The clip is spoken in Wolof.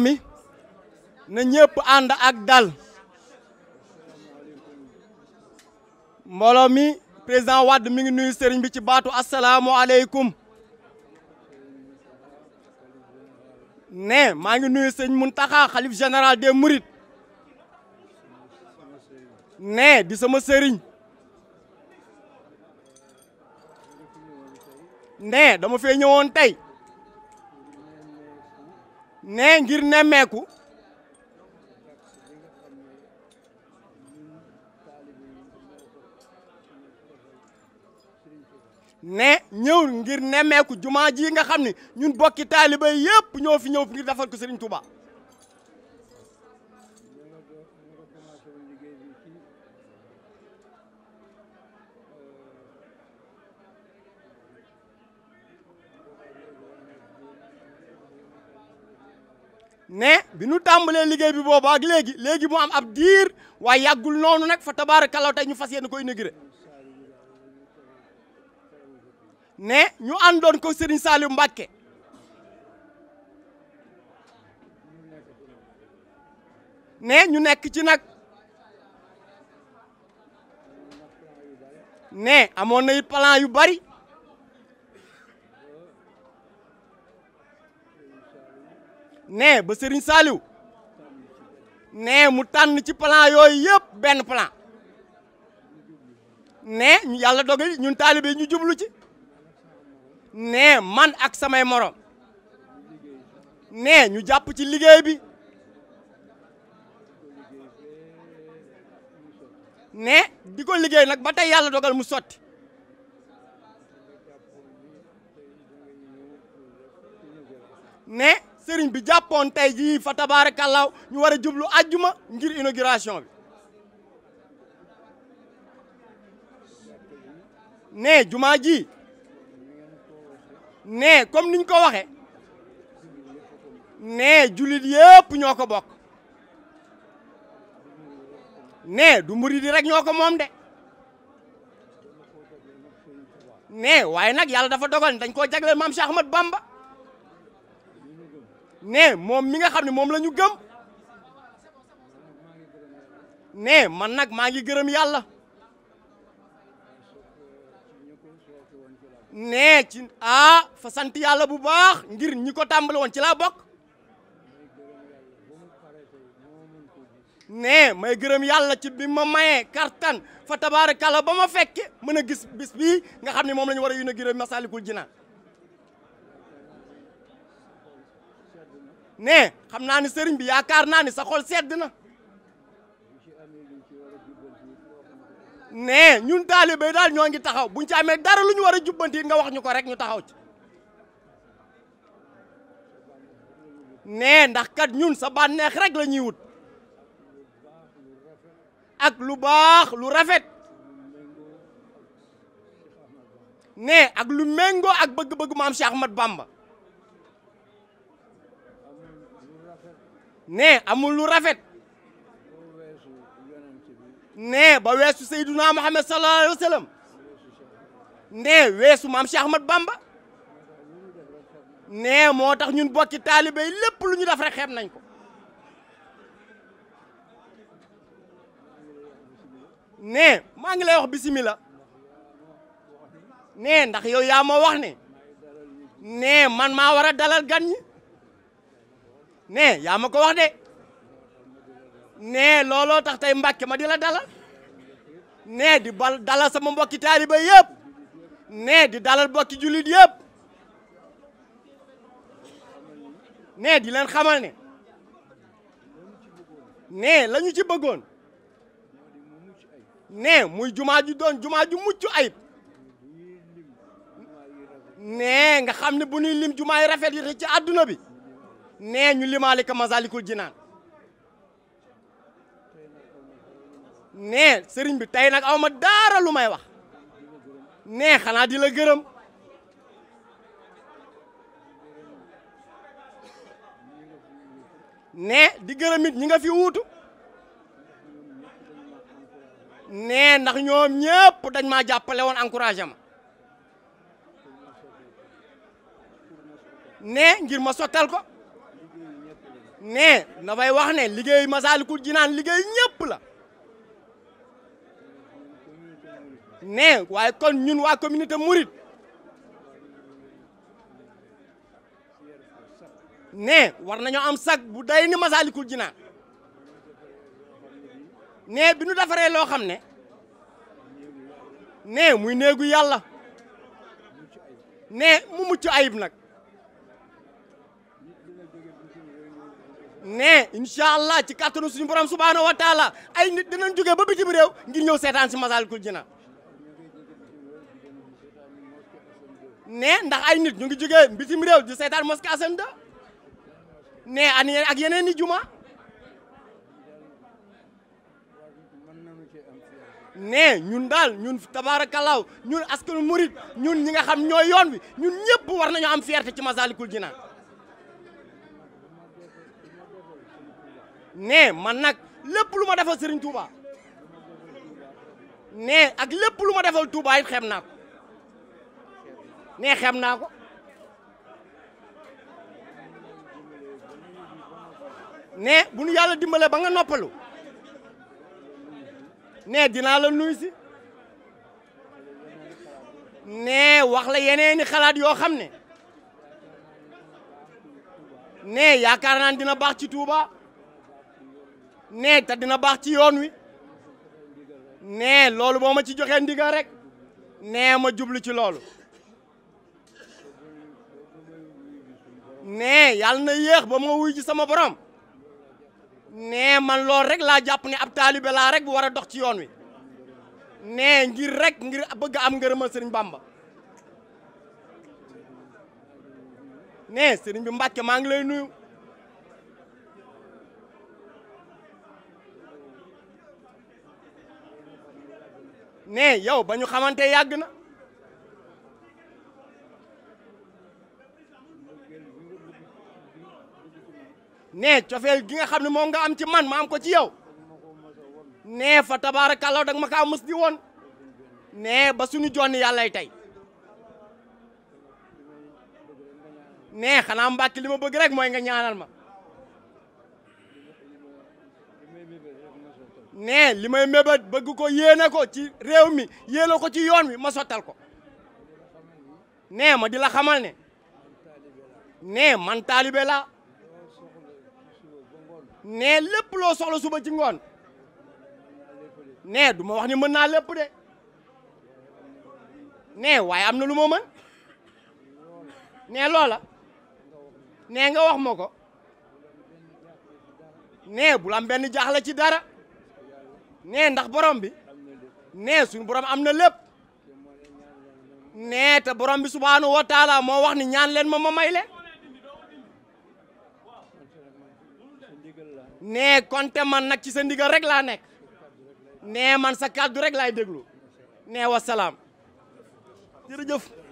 mbooloo mi na ñëpp ànd ak dal mbooloo mi président Wade mingi nuyu sëriñ bi ci baatu asalaamualeykum ne maa ngi nuyu sëñ Muntaxa xalif général des Mourides ne di sama sëriñ ne dama fee ñëwoon tey nee ngir nemmeeku ne ñëw ngir nemmeeku jumaa jii nga xam ne ñun bokki taaliba yépp ñoo fi ñëw ngir defal ko Serigne Touba. ne bi nu tàmbalee liggéey bi boobu ak léegi léegi mu am ab diir waaye yàggul noonu nag fa tabaarakallaa tey ñu fas yéene ko inauguré ñu àndoon ko Serigne Saliou Mbacké ne ñu nekk ci nag ne amoon na it plan yu bari nee ba Serigne Saliou nee mu tànn ci plan yooyu yëpp benn plan nee ñu yàlla dogal ñun taalibe ñu jublu ci nee man ak samay morom nee ñu jàpp ci liggéey bi nee di ko liggéey nag ba tey yàlla dogal mu sotti nee sëriñ bi jàppoon tey jii fa tabaarakallaaw ñu war a jublu àjjuma ngir inauguration bi ne jumaa ji ne comme niñ ko waxe ne jullit yépp ñoo ko bokk ne du murid yi rek ñoo ko moom de ne waaye nag yàlla dafa dogal dañ koo jagleel maam Bamba ne moom mi nga xam ne moom lañu ñu gëm ne man nag maa ngi gërëm yàlla ne ci ah fa sant yàlla bu baax ngir ñi ko tàmbali ci laa bokk ne may gërëm yàlla ci bi ma mayee kartan fa tabaarakalla ba ma fekke mën a gis bis bi nga xam ni moom la ñu war a yun a gërëm Masaalikul Jinaan ne xam naa ni sëriñ bi yaakaar naa ni sa xol sedd na ne ñun taalibe daal ñoo ngi taxaw buñ ci amee dara lu ñu war a jubbanti nga wax ñu ko rek ñu taxaw ci ne ndax kat ñun sa bànneex rek la ñuy ak lu baax lu rafet ne ak lu méngoo ak bëgg-bëgg maam Cheikh mat Bamba ne amul lu rafet ne ba weesu Seyduna Muhammad sallallahu alayhi wa weesu maam Cheikh Ahmad Bamba ne moo tax ñun bokki taaliba yi lépp lu ñu def rek xeeb nañ ko ne maa ngi lay wax bisimila ne ndax yow yaa wax ne man maa war a dalal gan ñi ne ya ma ko wax de ne lolo tax tay mbacke ma di la dalal ne di bal dalal sama mbokki taliba yeb ne di dalal mbokki julit yeb ne di len xamal ne ne lañu ci bëggoon ne muy juma ju don juma ju muccu ayib ne nga xamne bu ñuy lim juma yi rafet yi ci aduna bi nee ñu limaale ka Masalikul Jinaan nee sëriñ bi tey nag aw ma daara lu may wax nee xanaa di la gërëm nee di gërëm it ñi nga fi wuutu nee nax ñoom ñëpp dañ maa jàppale woon encouragé nee ngir ma sottal ko ne dafay wax ne liggéey Masaalikul Jinaan liggéey ñëpp la ne waaye kon ñun waa communauté Mouride ne war nañoo am sag bu day ni Masaalikul Jinaan ne bi ñu defaree loo xam ne ne muy néegu yàlla ne mu mucc ayib nag ne incha allah ci kàttanu suñu borom subhaanahu wa taala ay nit dinañ jógee ba bitim réew ngir ñëw seetaan si Masaalikul Jinaan ne ndax ay nit ñu ngi jógee bitim réew di seetaan mosquée Assane II ne ak yeneen i juma ne ñun daal ñun tabaarakallaaw ñun askanu murit ñun ñi nga xam ñooy yoon wi ñun ñëpp war nañu am fierté ci Masaalikul Jinaan ne man nak lepp luma defal Serigne Touba ne ak lepp luma defal Touba it xem naa ko ne xem naa ko ne bu nu yàlla dimbalee ba nga noppalu ne dina la nuy ci ne wax la yeneeni xalaat yo xamne ne yaakar naan dina bax ci Touba nee ta dina bax ci yoon wi nee lolou boma ma ci joxe ndigal rek nee ma djublu ci lolou nee yal na yeex ba ma wuy ci sama borom nee man loolu rek la japp ni ab talibé la rek bu wara dox ci yoon wi nee ngir rek ngir bëgg am ngeureuma serigne Bamba nee serigne bi Mbàkke ma ngi lay nuyu mais yow ba ñu xamante yàgg na ne cofeel gi nga xam ne moom nga am ci man ma am ko ci yow ne fa tabaarakallaa dag ma kaa mës di woon ne ba suñu jonni yàllay tey ne xanaa mbàkki li ma bëgg rek mooy nga ñaanal ma ne li may mébét bëgg ko yéene ko ci réew mi yéene ko ci yoon wi ma sottal ko ne ma di la xamal ne ne man taalibe la ne lépp loo soxla suba ci ngoon ne du ma wax ni mën naa lépp de ne waaye am na lu ma mën ne loola ne nga wax ma ko ne bu la am benn ci dara nee ndax borom bi nee suñu borom am na lépp nee te borom bi subhaanahu wa moo wax ni ñaan leen ma ma may leen nee konte man nag ci sa ndigal rek laa nekk nee man sa kàddu rek laay déglu nee wasalaam jërëjëf